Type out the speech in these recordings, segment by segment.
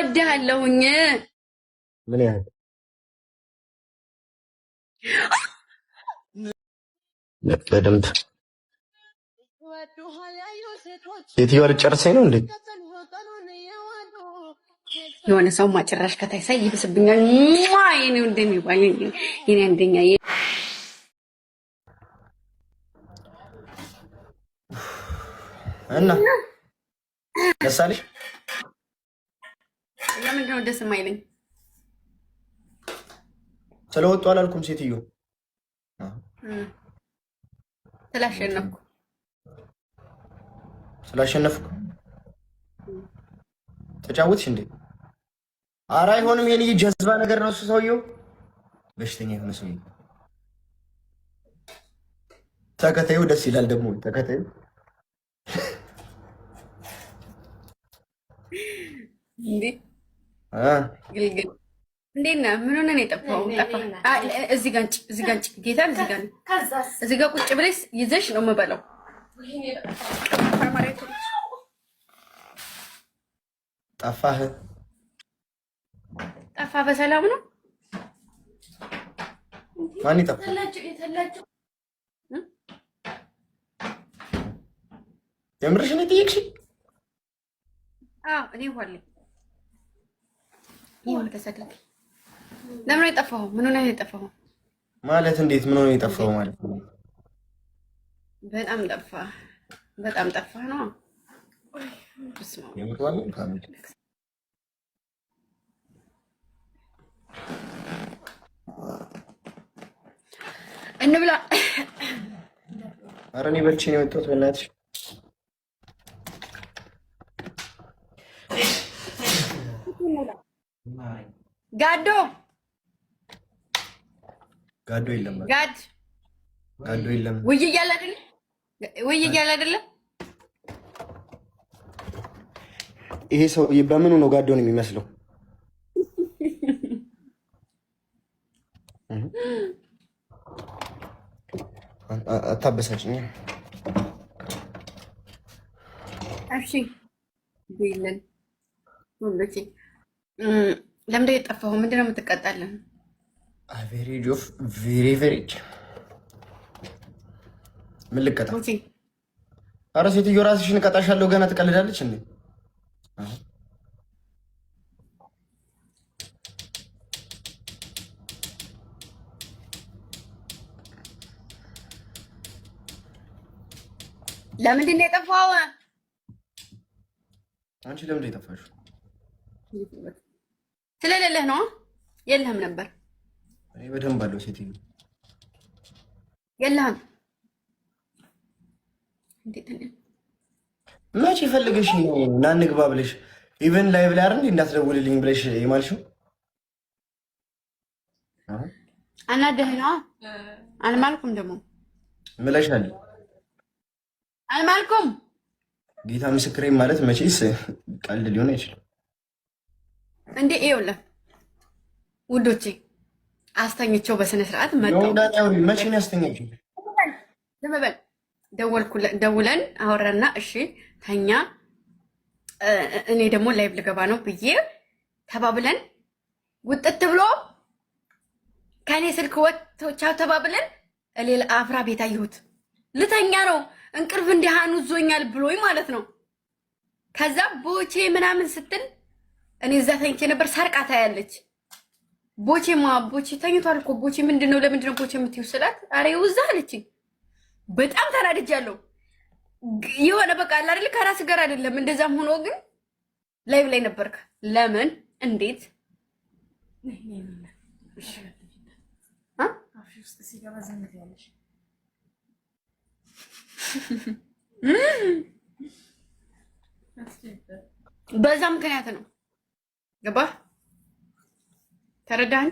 እወድሃለሁኝ። ምን ያህል በደንብ ሴትዮዋ ልጨርሰኝ ነው እንዴ? የሆነ ሰው ማጨራሽ ከታይሳይ ይብስብኛል። የኔ እንደሚባል የኔ አንደኛ እና ደሳለሽ ለምንድን ነው ደስ የማይለኝ? ስለወጡ አላልኩም። ሴትዮ ስላሸነፍኩ ስላሸነፍኩ ተጫወትሽ እንዴ? ኧረ አይሆንም። ይሄ ልጅ ጀዝባ ነገር ነው። እሱ ሰውየው በሽተኛ የሆነ ሰውዬው ተከታዩ ደስ ይላል። ደግሞ ተከታዩ እንዴ ግልግል እንዴት ነህ? ምን ሆነህ ነው የጠፋኸው? ጠፋህ? እዚህ ጋር እንጭ፣ እዚህ ጋር እንጭ፣ ጌታ እዚህ ጋር እዚህ ጋር ቁጭ ብለሽ ይዘሽ ነው የምበላው። ጠፋህ? ጠፋህ? በሰላም ነው? ማን ይጠፋ? የምርሽን የጠየቅሽኝ? እኔ ኋለኝ ይሁን ከሰከክ ለምን የጠፋኸው? ምን ሆነህ የጠፋኸው ማለት እንዴት? ምን ሆነህ የጠፋኸው ማለት ነው? በጣም ጠፋ፣ በጣም ጠፋ ነው። እንብላ። ኧረ እኔ በልቼ ነው የመጣሁት በእናትሽ ጋዶ ጋዶ የለም። ጋድ ጋዶ የለም። ውይ እያለ አይደለ? ውይ እያለ አይደለ? ይሄ ሰው በምኑ ነው ነው የሚመስለው? አታበሳጭኝ። እሺ ይለን ሁሉ ለምንድን የጠፋው ምንድን ነው የምትቀጣለን? አቬሬጅ ኦፍ ቬሪ ምን ልቀጣ? አረ ሴትዮ ራስሽን እቀጣሻለሁ። ገና ትቀልዳለች እንዴ? ለምንድን ነው የጠፋው? አንቺ ለምንድን ነው የጠፋሽው? ስለሌለህ ነው የለህም ነበር። እኔ በደንብ አለው ሴትዮ የለህም። መቼ ፈልገሽ ነው ና እንግባ ብለሽ ኢቨን ላይ አይደል እንዳትደውልልኝ ብለሽ የማልሽው? አናደህ ነው አልማልኩም። ደግሞ ምለሻል አልማልኩም። ጌታ ምስክሬ ማለት መቼስ ቀልድ ሊሆን አይችልም። እንዴ ይኸውልህ ውዶቼ አስተኝቼው በስነ ስርዓት መጣሁ። መቼም ያስተኛችው ለበበል ደውለን አወራና እሺ ተኛ፣ እኔ ደግሞ ላይብ ልገባ ነው ብዬ ተባብለን ውጥት ብሎ ከእኔ ስልክ ወጥቶ ቻው ተባብለን ሌላ አፍራ ቤት አየሁት። ልተኛ ነው እንቅልፍ እንዲህ አኑዞኛል ብሎኝ ማለት ነው። ከዛ ቦቼ ምናምን ስትል እኔ እዛ ተኝቼ ነበር። ታያለች ቦቼ ማ ቦቼ ተኝቷል እኮ ቦቼ ምንድነው ነው ለምንድን ነው ቦቼ የምትይው ስላት፣ አረ ውዛ አለችኝ። በጣም ተናድጃለሁ። የሆነ በቃ አለ አይደል ከራስ ጋር አይደለም። እንደዛም ሆኖ ግን ላይቭ ላይ ነበርክ። ለምን እንዴት በዛ ምክንያት ነው ገባህ? ተረዳኝ።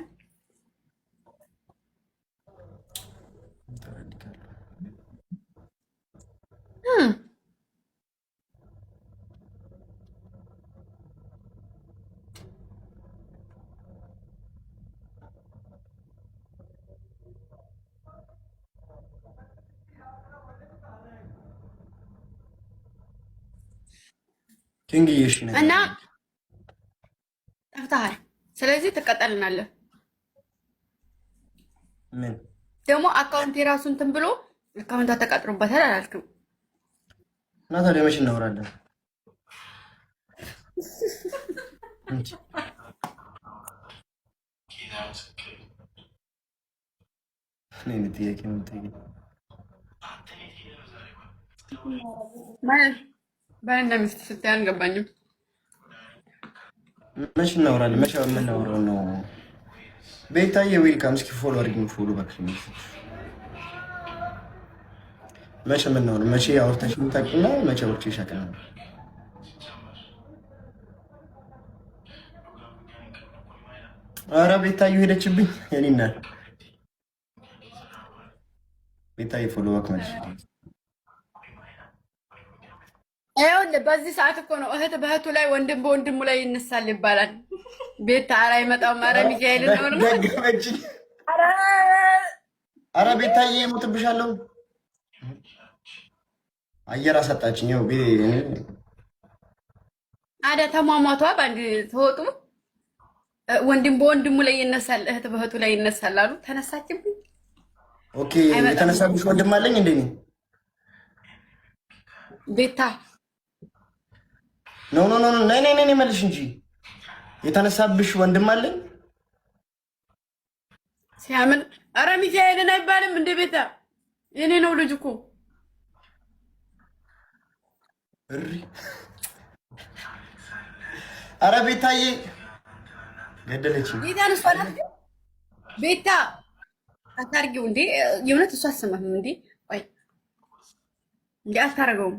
ኪንግ እና አጥፍተሃል። ስለዚህ ትቀጠልናለህ። ምን ደግሞ አካውንት የራሱ እንትን ብሎ አካውንታ ተቃጥሮበታል አላልክም። እና ታዲያ መች እናወራለን? ባልና ሚስት ስትይ አልገባኝም። መች እናወራለን? መች የምናወራው ነው? ቤታዬ ዌልካም። እስኪ ፎሎ አድርጊኝ። ፎሎ በቃ መቼ የምናወራው መቼ አውርተሽ የምታውቂና መቼ አውርቼሽ አውቃለሁ። ኧረ ቤታዬ ሄደችብኝ። የኔና እናት ፎሎ ባክ ይኸውልህ በዚህ ሰዓት እኮ ነው እህት በእህቱ ላይ ወንድም በወንድሙ ላይ ይነሳል ይባላል። ቤታ ኧረ አይመጣውም። ኧረ ሚካኤል ደገመች። ኧረ ቤታዬ እሞትብሻለሁ። አየር አሳጣችኝ። ው አዳ ተሟሟቷ በአንድ ተወጡ። ወንድም በወንድሙ ላይ ይነሳል፣ እህት በእህቱ ላይ ይነሳል አሉ። ተነሳችብኝ። ኦኬ የተነሳብሽ ወንድም አለኝ እንዴ ቤታ ነው ኖ ኖ ኖ ነይ ነይ መልሽ እንጂ የተነሳብሽ ወንድም አለ ሲያምን አረ ሚካኤልን አይባልም እንደ ቤታ የኔ ነው ልጅ እኮ እሪ አረ ቤታዬ ገደለች ቤታን እሷ ቤታ አታርጊው እንዴ የእውነት እሷ አትሰማህም እንዴ ቆይ እንዴ አታረገውም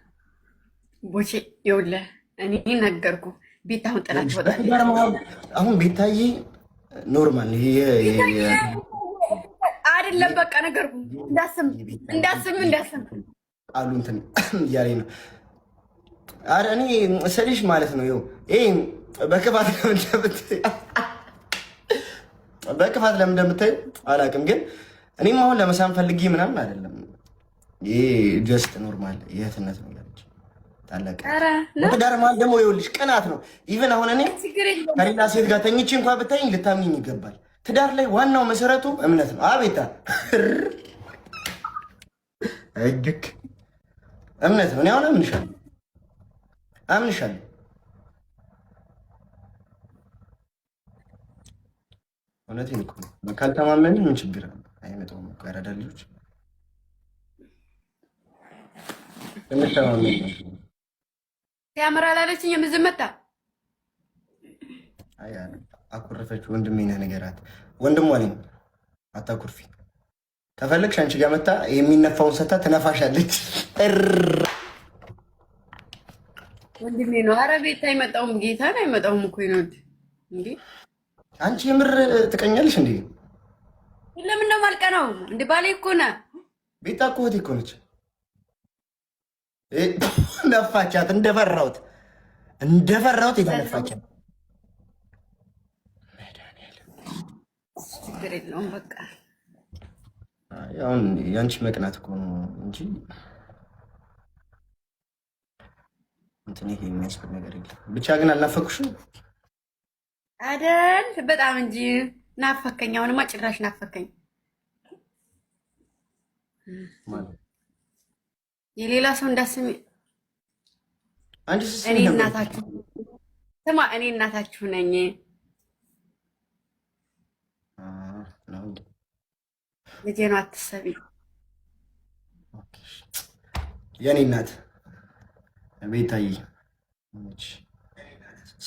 ቦቼ ይኸውልህ፣ እኔ ነገርኩ። ቤት አሁን ጥላት ትወጣለች። አሁን ቤታዬ ኖርማል አይደለም። በቃ ነገርኩ። እንዳስም እንዳስም እንዳስም አሉ እንትን እያለኝ ነው። ኧረ እኔ ስልሽ ማለት ነው ይኸው ይሄ በክፋት በክፋት ለምን አላውቅም፣ ግን እኔም አሁን ለመሳም ፈልጌ ምናምን አይደለም። ይሄ ጀስት ኖርማል የእህትነት ነው። ትዳር ማለት ደግሞ ይኸውልሽ ቅናት ነው። ኢቨን አሁን እኔ ከሌላ ሴት ጋር ተኝቼ እንኳ ብታይኝ ልታምኝ ይገባል። ትዳር ላይ ዋናው መሰረቱ እምነት ነው። አቤታ እግክ እምነት ነው። እኔ አሁን አምንሻለሁ አምንሻለሁ እውነት ይልቁ ነው። ካልተማመን ምን ችግር አለ? አይመጣውም እኮ ያረዳ እንተማመን ያምራል አለችኝ። የምዝመታ አኩረፈች። ወንድሜ ነህ ነገራት። ወንድሟ ነኝ፣ አታኩርፊ። ከፈለግሽ አንቺ ጋር መታ የሚነፋውን ሰታ ትነፋሻለች። ወንድሜ ነው። ኧረ ቤት አይመጣውም፣ ጌታን አይመጣውም እኮ ይኖት እንዴ። አንቺ የምር ትቀኛለሽ እንዴ? ለምን ነው ማልቀ ነው እንዴ? ባሌ እኮ ነህ። ቤታ እኮ እህቴ እኮ ነች። ለፋቻት እንደፈራሁት እንደፈራሁት የተለፋቻት አሁን የአንቺ መቅናት እኮ ነው እንጂ እንትን ይሄ የሚያስብል ነገር የለም። ብቻ ግን አልናፈኩሽም አይደል? በጣም እንጂ ናፈከኝ። አሁንማ ጭራሽ ናፈከኝ። ማለት የሌላ ሰው እንዳስሜ እኔ እናታችሁ ስማ፣ እኔ እናታችሁ ነኝ። ልጄ ነው አትሰቢ። የኔ እናት ቤታዬ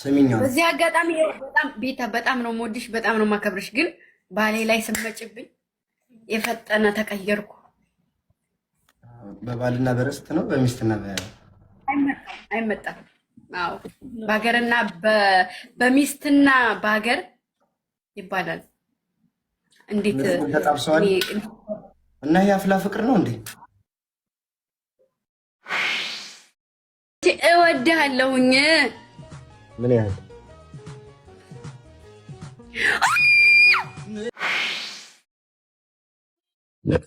ስሚኛ። በዚህ አጋጣሚ በጣም ቤታ፣ በጣም ነው የምወድሽ፣ በጣም ነው የማከብርሽ። ግን ባሌ ላይ ስመጭብኝ የፈጠነ ተቀየርኩ። በባልና በርስት ነው በሚስትና አይመጣም። አዎ በሀገርና በሚስትና በሀገር ይባላል። እንዴት ተጣብሰዋል? እና ይህ አፍላ ፍቅር ነው እንዴ? እወድሃለሁኝ ምን ያህል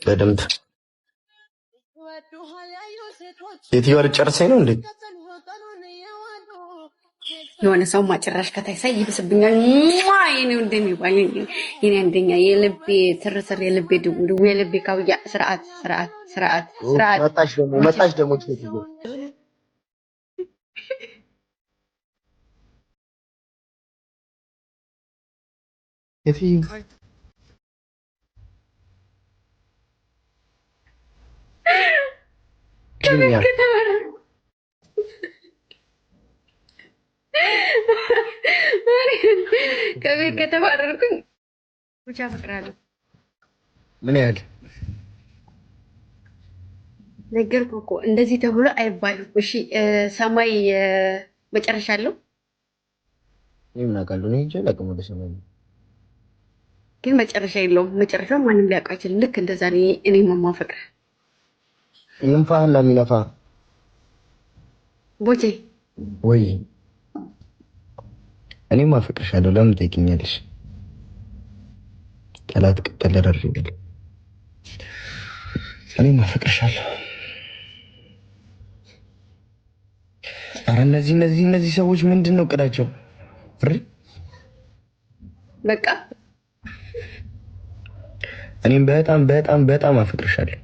በደንብ ሴትዮዋ ልጨርሰኝ ነው እንዴ? የሆነ ሰው ማጭራሽ ከታይ ሳይ ይብስብኛል። የኔ እንደሚባል የኔ አንደኛ የልቤ ትርትር የልቤ ድውል የልቤ ካውያ ስርዓት ስርዓት ስርዓት ስርዓት መጣሽ ደግሞ መጣሽ ደግሞ ሴትዮ ከቤት ከተባረርኩኝ ብቻ እፈቅራለሁ። ምን ያህል ነገርኩህ እኮ እንደዚህ ተብሎ አይባልም። እሺ ሰማይ መጨረሻ አለው። ምን አውቃለሁ እኔ እንጂ አላውቅም። ወደ ሰማይ ግን መጨረሻ የለውም። መጨረሻው ማንም ሊያውቅ አይችልም። ልክ እንደዛ እኔ እኔ ማማፈቅር ይንፋህን ለሚነፋ ቦቼ ወይ እኔም አፈቅርሻለሁ። ለምን ትጠይቂኛለሽ? ጠላት ቅጠል ረርግል። እኔም አፈቅርሻለሁ። ኧረ እነዚህ እነዚህ እነዚህ ሰዎች ምንድን ነው እቅዳቸው? ፍሪ በቃ እኔም በጣም በጣም በጣም አፈቅርሻለሁ።